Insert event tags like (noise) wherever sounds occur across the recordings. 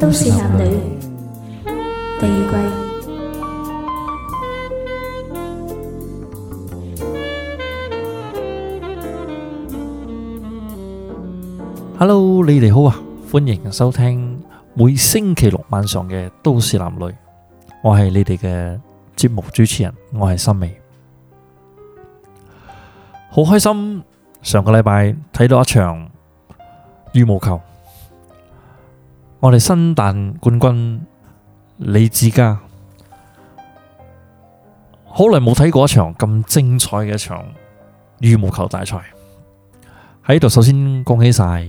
都市男女第二季。Hello，你哋好啊！歡迎收聽每星期六晚上嘅《都市男女》，我係你哋嘅節目主持人，我係心美。好開心，上個禮拜睇到一場羽毛球。我哋新誕冠軍李志嘉，好耐冇睇過一場咁精彩嘅一場羽毛球大賽。喺度首先恭喜晒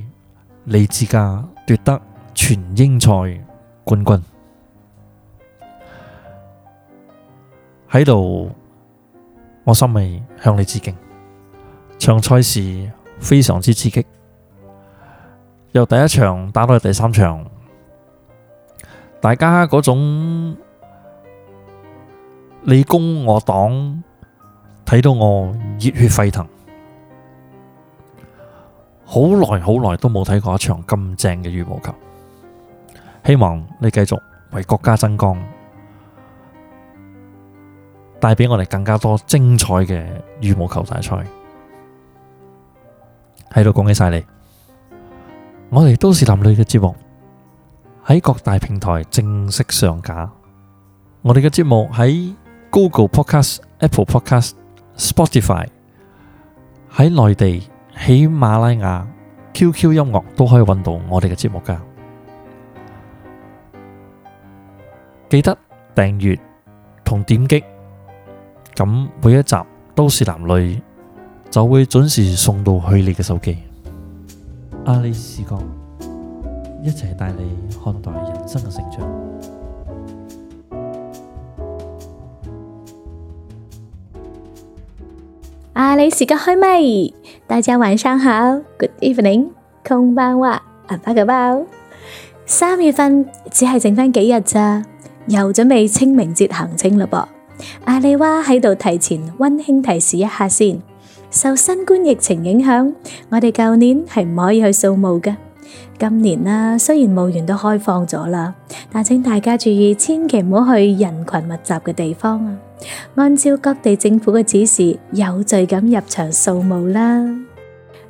李志嘉奪得全英賽冠軍，喺度我心未向你致敬。場賽事非常之刺激，由第一場打到第三場。大家嗰種你攻我擋，睇到我熱血沸騰，好耐好耐都冇睇過一場咁正嘅羽毛球。希望你繼續為國家爭光，帶俾我哋更加多精彩嘅羽毛球大賽。喺度恭喜晒你，我哋都市男女嘅節目。喺各大平台正式上架，我哋嘅節目喺 Google Podcast、Apple Podcast、Spotify、喺內地、喜馬拉雅、QQ 音樂都可以揾到我哋嘅節目噶。記得訂閱同點擊，咁每一集都市男女就會準時送到去你嘅手機。阿里士講。一齊帶你看待人生嘅成長。阿李時間開咪，大家晚上好，Good evening，空班話阿爸嘅包。三月份只係剩翻幾日咋，又準備清明節行清啦噃。阿李話喺度提前溫馨提示一下先，受新冠疫情影響，我哋舊年係唔可以去掃墓嘅。今年啦，雖然墓園都開放咗啦，但請大家注意，千祈唔好去人群密集嘅地方啊！按照各地政府嘅指示，有序咁入場掃墓啦。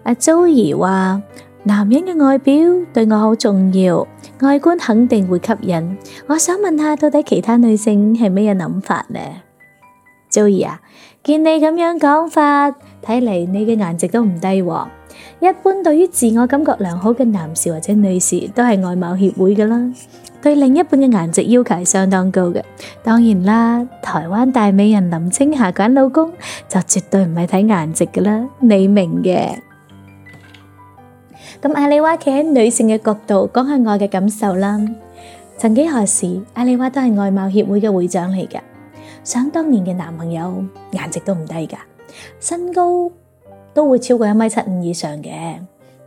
阿 Joey 話：男人嘅外表對我好重要，外觀肯定會吸引。我想問下，到底其他女性係咩嘢諗法呢咧？Joey 啊，見你咁樣講法。睇嚟你嘅顏值都唔低喎。一般對於自我感覺良好嘅男士或者女士，都係外貌協會噶啦。對另一半嘅顏值要求係相當高嘅。當然啦，台灣大美人林青霞揀老公就絕對唔係睇顏值噶啦，你明嘅。咁阿里娃企喺女性嘅角度講下我嘅感受啦。曾幾何時，阿里娃都係外貌協會嘅會長嚟噶。想當年嘅男朋友顏值都唔低噶。身高都會超過一米七五以上嘅。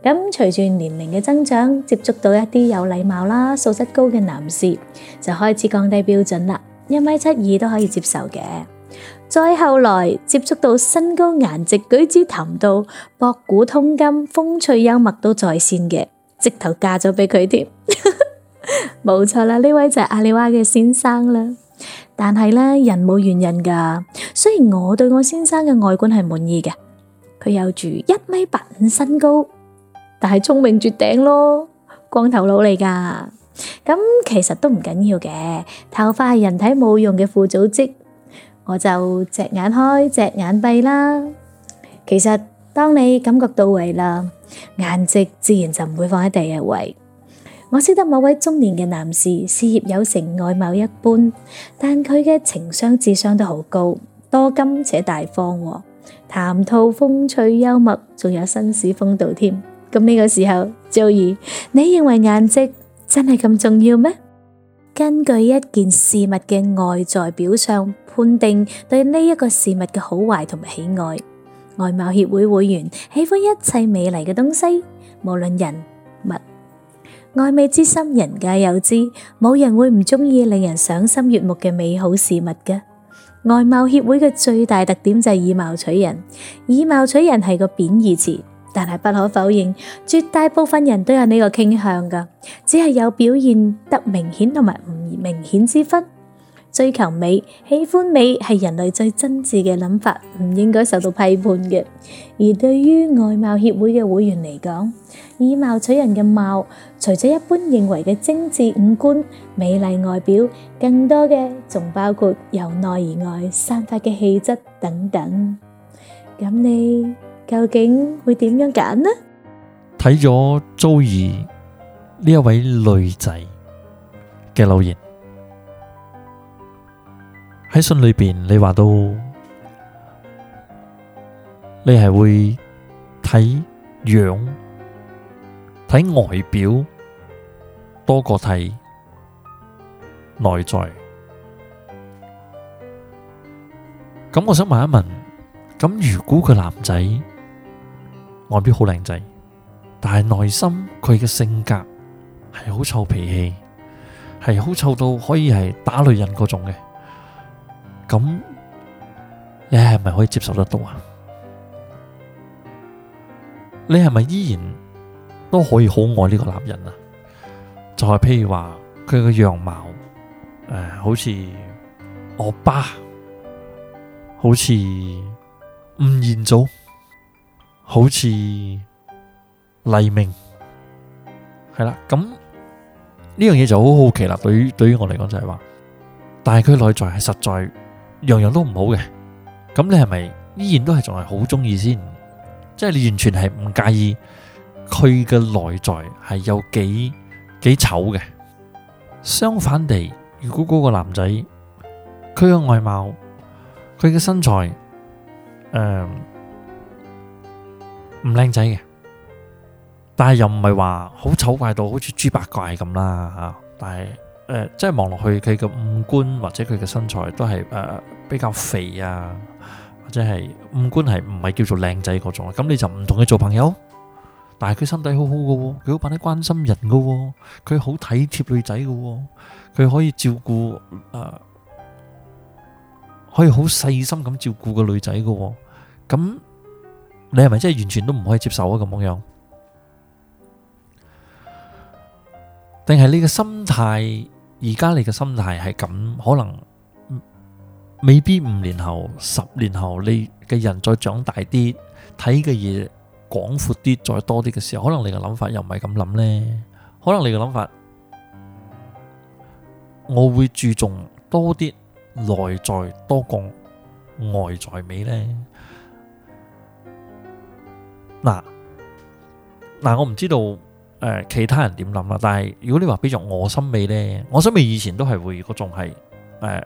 咁隨住年齡嘅增長，接觸到一啲有禮貌啦、素質高嘅男士，就開始降低標準啦，一米七二都可以接受嘅。再後來接觸到身高、顏值、舉止談到博古通今、風趣幽默都在綫嘅，直頭嫁咗俾佢添，冇 (laughs) 錯啦，呢位就係阿里娃嘅先生啦。但係咧，人冇完人噶。雖然我對我先生嘅外觀係滿意嘅，佢有住一米八五身高，但係聰明絕頂咯，光頭佬嚟噶。咁、嗯、其實都唔緊要嘅，頭髮係人體冇用嘅副組織，我就隻眼開隻眼閉啦。其實當你感覺到位啦，顏值自然就唔會放喺第一位。我識得某位中年嘅男士，事業有成，外貌一般，但佢嘅情商、智商都好高，多金且大方，談吐風趣幽默，仲有紳士風度添。咁呢個時候，Joey，你認為顏值真係咁重要咩？根據一件事物嘅外在表象判定對呢一個事物嘅好壞同埋喜愛，外貌協會會員喜歡一切美麗嘅東西，無論人物。愛美之心，人皆有之，冇人會唔中意令人賞心悅目嘅美好事物嘅。外貌協會嘅最大特點就係以貌取人，以貌取人係個貶義詞，但係不可否認，絕大部分人都有呢個傾向噶，只係有表現得明顯同埋唔明顯之分。追求美、喜歡美係人類最真摯嘅諗法，唔應該受到批判嘅。而對於外貌協會嘅會員嚟講，以貌取人嘅貌，除咗一般認為嘅精致五官、美麗外表，更多嘅仲包括由內而外散發嘅氣質等等。咁你究竟會點樣揀呢？睇咗 Joey 呢一位女仔嘅留言喺信裏邊，你話到你係會睇樣？睇外表多過睇內在，咁我想問一問，咁如果個男仔外表好靚仔，但係內心佢嘅性格係好臭脾氣，係好臭到可以係打女人嗰種嘅，咁你係咪可以接受得到啊？你係咪依然？都可以好愛呢個男人啊！就係、是、譬如話佢個樣貌，誒、呃，好似我爸，好似吳彥祖，好似黎明，係啦。咁呢樣嘢就好好奇啦。對於對於我嚟講就係、是、話，但係佢內在係實在樣樣都唔好嘅。咁你係咪依然都係仲係好中意先？即係你完全係唔介意。佢嘅內在係有幾幾醜嘅，相反地，如果嗰個男仔佢嘅外貌、佢嘅身材，誒唔靚仔嘅，但係又唔係話好醜怪到好似豬八怪咁啦吓，但係誒、呃、即係望落去佢嘅五官或者佢嘅身材都係誒、呃、比較肥啊，或者係五官係唔係叫做靚仔嗰種，咁你就唔同佢做朋友。但係佢身體好好嘅，佢好扮啲關心人嘅，佢好體貼女仔嘅，佢可以照顧啊，可以好細心咁照顧個女仔嘅。咁你係咪真係完全都唔可以接受啊？咁樣，定係你嘅心態？而家你嘅心態係咁，可能未必五年後、十年後你嘅人再長大啲睇嘅嘢。廣闊啲，再多啲嘅時候，可能你嘅諗法又唔係咁諗咧。可能你嘅諗法，我會注重多啲內在多過外在美咧。嗱，嗱，我唔知道誒，其他人點諗啦。但係如果你話比作我審美咧，我審美以前都係會嗰種係誒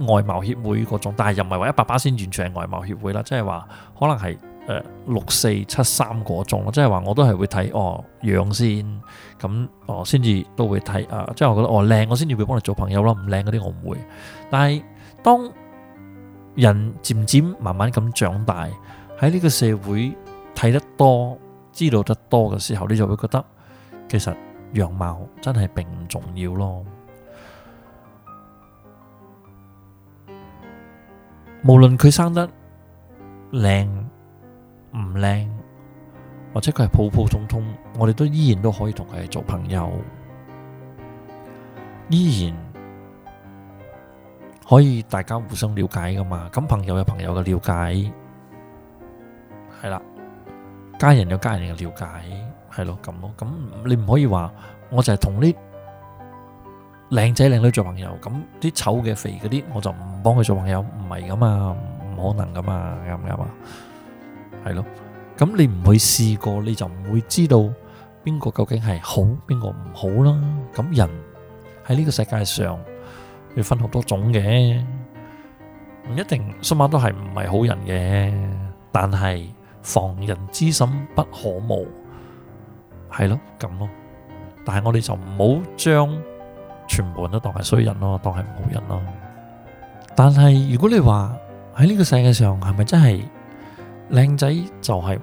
誒外貌協會嗰種，但係又唔係話一百巴仙完全係外貌協會啦，即係話可能係。誒，六四七三嗰種，即係話我都係會睇哦樣先，咁哦先至都會睇啊，即係我覺得哦靚，我先至會幫你做朋友咯，唔靚嗰啲我唔會。但係當人漸漸慢慢咁長大，喺呢個社會睇得多，知道得多嘅時候，你就會覺得其實樣貌真係並唔重要咯。無論佢生得靚。唔靚，或者佢係普普通通，我哋都依然都可以同佢做朋友，依然可以大家互相了解噶嘛。咁朋友有朋友嘅了解係啦，家人有家人嘅了解係咯咁咯。咁、嗯、你唔可以話，我就係同啲靚仔靚女做朋友，咁啲醜嘅肥嗰啲我就唔幫佢做朋友，唔係噶嘛，唔可能噶嘛，啱唔啱啊？係咯，咁你唔去試過，你就唔會知道邊個究竟係好，邊個唔好啦。咁人喺呢個世界上要分好多種嘅，唔一定，起碼都係唔係好人嘅。但係防人之心不可無，係咯，咁咯。但係我哋就唔好將全部人都當係衰人咯，當係唔好人咯。但係如果你話喺呢個世界上係咪真係？靚仔就係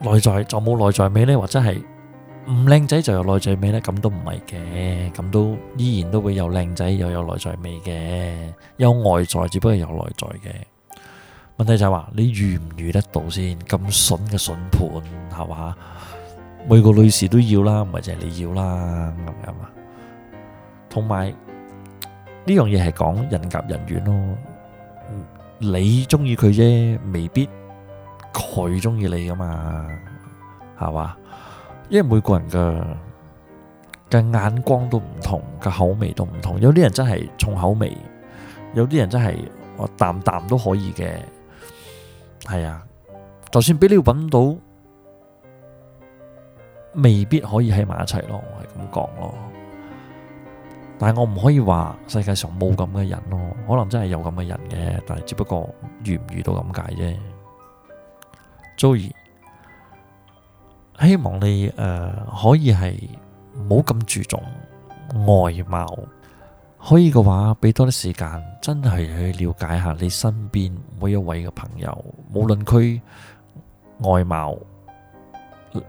內在就冇內在美呢？或者係唔靚仔就有內在美呢？咁都唔係嘅，咁都依然都會有靚仔又有內在美嘅，有外在只不過有內在嘅問題就係、是、話你遇唔遇得到先，咁筍嘅筍盤係嘛？每個女士都要啦，唔係淨係你要啦咁樣啊。同埋呢樣嘢係講人夾人緣咯，嗯。你中意佢啫，未必佢中意你噶嘛，係嘛？因為每個人嘅嘅眼光都唔同，嘅口味都唔同。有啲人真係重口味，有啲人真係我啖啖都可以嘅。係啊，就算俾你揾到，未必可以喺埋一齊咯，我係咁講咯。但係我唔可以話世界上冇咁嘅人咯，可能真係有咁嘅人嘅，但係只不過遇唔遇到咁解啫。Joey 希望你誒、呃、可以係冇咁注重外貌，可以嘅話俾多啲時間，真係去了解下你身邊每一位嘅朋友，無論佢外貌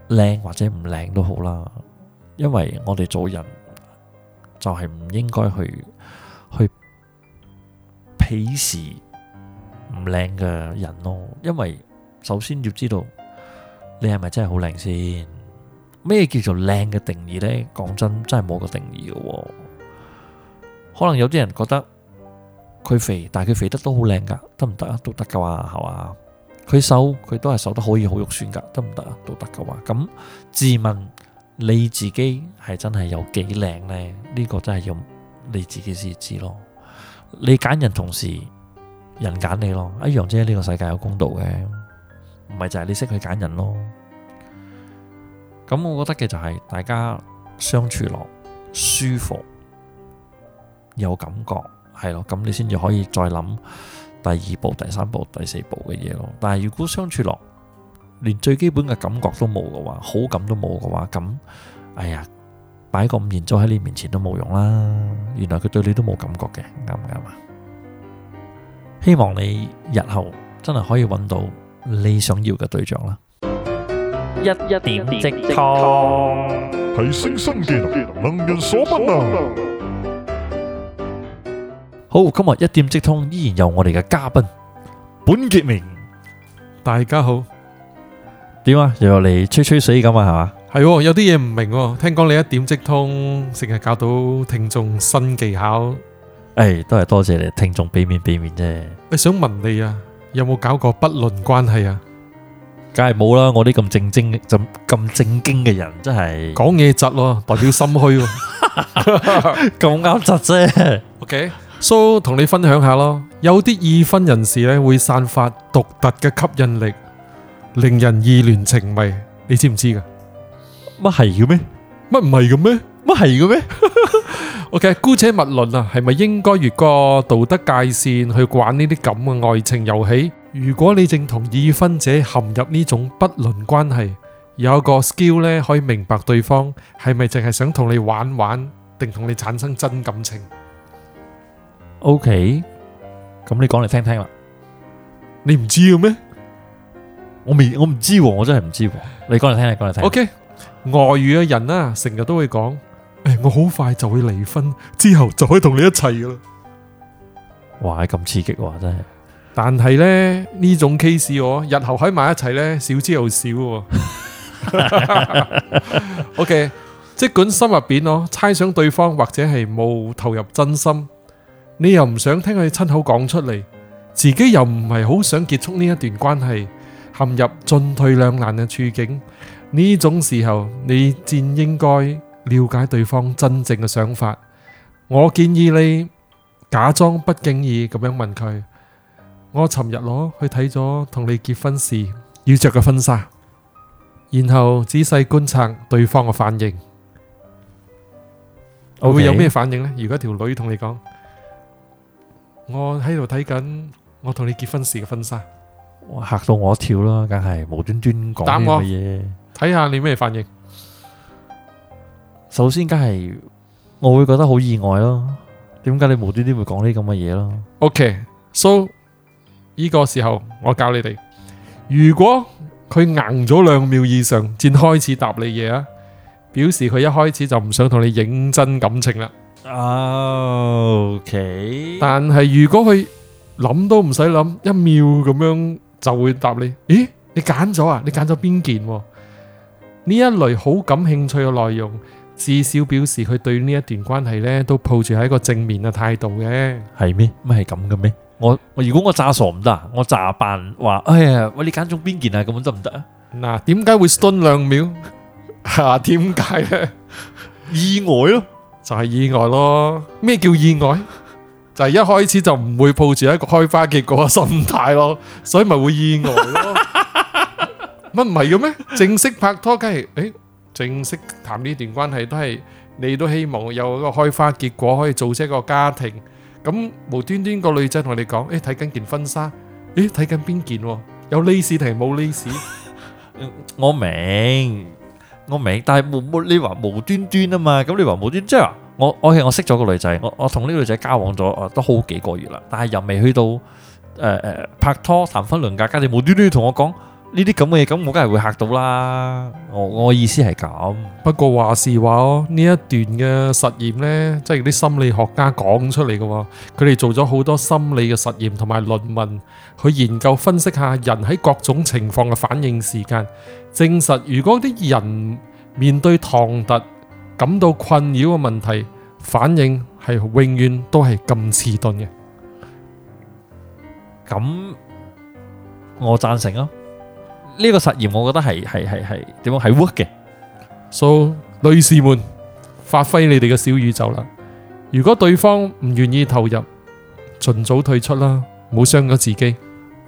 靚或者唔靚都好啦，因為我哋做人。就係唔應該去去鄙視唔靚嘅人咯，因為首先要知道你係咪真係好靚先？咩叫做靚嘅定義呢？講真真係冇個定義嘅。可能有啲人覺得佢肥，但係佢肥得都好靚噶，得唔得啊？都得噶話係嘛？佢瘦，佢都係瘦得可以好肉酸噶，得唔得啊？都得噶話。咁自問。你自己係真係有幾靚呢？呢個真係要你自己先知咯。你揀人同時人揀你咯，一樣啫。呢個世界有公道嘅，唔係就係你識去揀人咯。咁我覺得嘅就係大家相處落舒服，有感覺係咯，咁你先至可以再諗第二步、第三步、第四步嘅嘢咯。但係如果相處落，連最基本嘅感覺都冇嘅話，好感都冇嘅話，咁哎呀，擺個五元鐘喺你面前都冇用啦！原來佢對你都冇感覺嘅，啱唔啱啊？希望你日後真係可以揾到你想要嘅對象啦！一一點即通，提升身健，能人所不能。好，今日一點即通依然有我哋嘅嘉賓本傑明，大家好。點啊，又嚟吹吹水咁啊，係嘛？係，有啲嘢唔明。聽講你一點即通，成日教到聽眾新技巧。誒，都係多謝你聽眾俾面俾面啫。你想問你啊，有冇搞過不倫關係啊？梗係冇啦，我啲咁正經咁咁正經嘅人，真係講嘢窒咯，代表心虛。咁啱窒啫。OK，so 同你分享下咯，有啲已婚人士咧會散發獨特嘅吸引力。令人意亂情迷，你知唔知噶？乜係嘅咩？乜唔係嘅咩？乜係嘅咩？OK，姑且勿論啊，係咪應該越過道德界線去玩呢啲咁嘅愛情遊戲？如果你正同已婚者陷入呢種不倫關係，有個 skill 咧可以明白對方係咪淨係想同你玩玩，定同你產生真感情？OK，咁你講嚟聽聽啦，你唔知嘅咩？我未，我唔知，我真係唔知。你講嚟聽，你講嚟聽。OK，外遇嘅人啦，成日都會講，誒，我好快就會離婚，之後就可以同你一齊噶啦。哇，咁刺激喎，真係。但係咧，呢種 case 喎，日後喺埋一齊咧，少之又少。OK，即管心入邊囉猜想對方或者係冇投入真心，你又唔想聽佢親口講出嚟，自己又唔係好想結束呢一段關係。陷入進退兩難嘅處境，呢種時候你最應該了解對方真正嘅想法。我建議你假裝不經意咁樣問佢：我尋日攞去睇咗同你結婚時要着嘅婚紗，然後仔細觀察對方嘅反應。我 Okay. 會有咩反應呢？如果條女同你講：我喺度睇緊我同你結婚時嘅婚紗。我嚇到我一跳啦，梗係無端端講呢嘢，睇下你咩反應。首先，梗係我會覺得好意外咯。點解你無端端會講呢咁嘅嘢咯？OK，so 呢個時候我教你哋，如果佢硬咗兩秒以上先開始答你嘢啊，表示佢一開始就唔想同你認真感情啦。OK，但係如果佢諗都唔使諗一秒咁樣。就會答你，咦？你揀咗啊？你揀咗邊件啊？呢一類好感興趣嘅內容，至少表示佢對呢一段關係呢都抱住係一個正面嘅態度嘅，係咩？乜係咁嘅咩？我，我如果我詐傻唔得啊，我詐扮話，哎呀，我你揀咗邊件啊？咁樣得唔得啊？嗱，點解會 stun 兩秒？吓，點解咧？意外咯，就係意外咯。咩叫意外？就係一開始就唔會抱住一個開花結果嘅心態咯，所以咪會意外咯。乜唔係嘅咩？正式拍拖梗係誒，正式談呢段關係都係你都希望有一個開花結果，可以組織一個家庭。咁無端端個女仔同你講，誒，睇緊件婚紗，誒，睇緊邊件？有 lace 定係冇 lace？我明，我明，但係無冇你話無端端啊嘛？咁你話無端即係話？我我係我識咗個女仔，我我同呢個女仔交往咗，都好幾個月啦，但係又未去到誒誒、呃、拍拖談婚論嫁，家你無端端同我講呢啲咁嘅嘢，咁我梗係會嚇到啦。我我意思係咁。 (music) 不過話是話呢一段嘅實驗呢，即係啲心理學家講出嚟嘅喎，佢哋做咗好多心理嘅實驗同埋論文，去研究分析下人喺各種情況嘅反應時間，證實如果啲人面對唐突，感到困擾嘅問題，反應係永遠都係咁遲鈍嘅。咁我贊成咯，呢個實驗我覺得係係係係點樣係 work 嘅。So 女士們，發揮你哋嘅小宇宙啦！如果對方唔願意投入，盡早退出啦，唔好傷咗自己。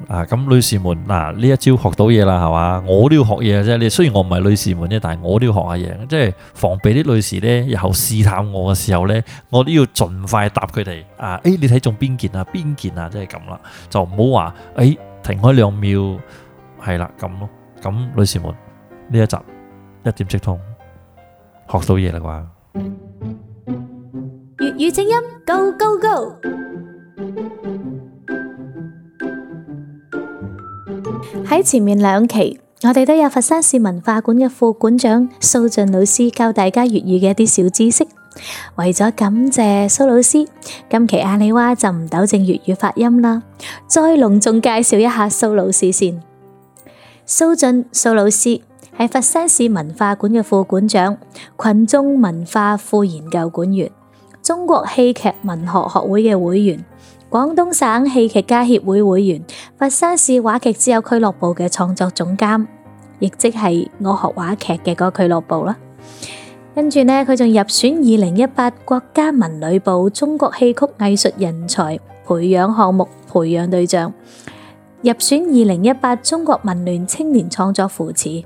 啊，咁女士們嗱，呢一招學到嘢啦，係嘛，我都要學嘢嘅啫。你雖然我唔係女士們啫，但係我都要學下嘢，即係防備啲女士咧，日後試探我嘅時候咧，我都要盡快答佢哋。啊，誒，你睇中邊件啊？邊件啊？即係咁啦，就唔好話誒停開兩秒，係啦咁咯。咁女士們呢一集一點即通，學到嘢啦啩。粵語正音，go go go。喺前面兩期，我哋都有佛山市文化館嘅副館長蘇俊老師教大家粵語嘅一啲小知識。為咗感謝蘇老師，今期阿里娃就唔糾正粵語發音啦。再隆重介紹一下蘇老師先。蘇俊蘇老師係佛山市文化館嘅副館長、群眾文化副研究館員、中國戲劇文學學會嘅會員。廣東省戲劇家協會會員，佛山市話劇之友俱樂部嘅創作總監，亦即係我學話劇嘅個俱樂部啦。跟住呢，佢仲入選二零一八國家文旅部中國戲曲藝術人才培養項目培養對象，入選二零一八中國文聯青年創作扶持，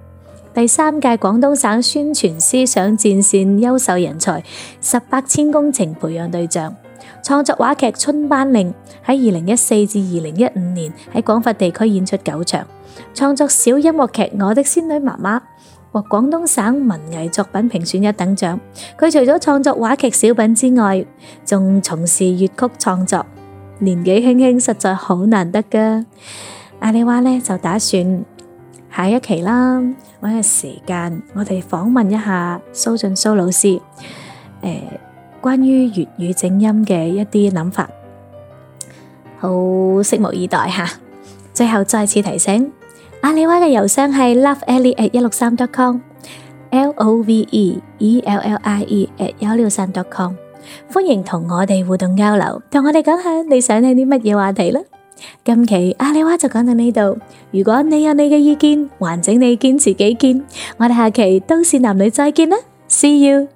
第三屆廣東省宣傳思想戰線優秀人才，十八千工程培養對象。創作話劇《春班令》喺二零一四至二零一五年喺廣佛地區演出九場，創作小音樂劇《我的仙女媽媽》獲廣東省文藝作品評選一等獎。佢除咗創作話劇小品之外，仲從事粵曲創作。年紀輕輕，實在好難得噶。阿、啊、你話咧，就打算下一期啦，揾個時間我哋訪問一下蘇俊蘇老師。誒、呃。關於粵語整音嘅一啲諗法，好拭目以待吓。最後再次提醒，阿里娃嘅郵箱係 loveelli@ 一六三 .com，L O V E E L L I E@ 一六三 .com，歡迎同我哋互動交流，同我哋講下你想聽啲乜嘢話題啦。今期阿里娃就講到呢度，如果你有你嘅意見，還請你堅持己見。我哋下期都市男女再見啦，See you。